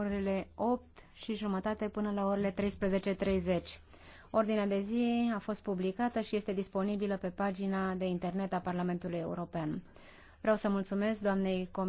orele 8 și jumătate până la orele 13.30. Ordinea de zi a fost publicată și este disponibilă pe pagina de internet a Parlamentului European. Vreau să mulțumesc doamnei comisar.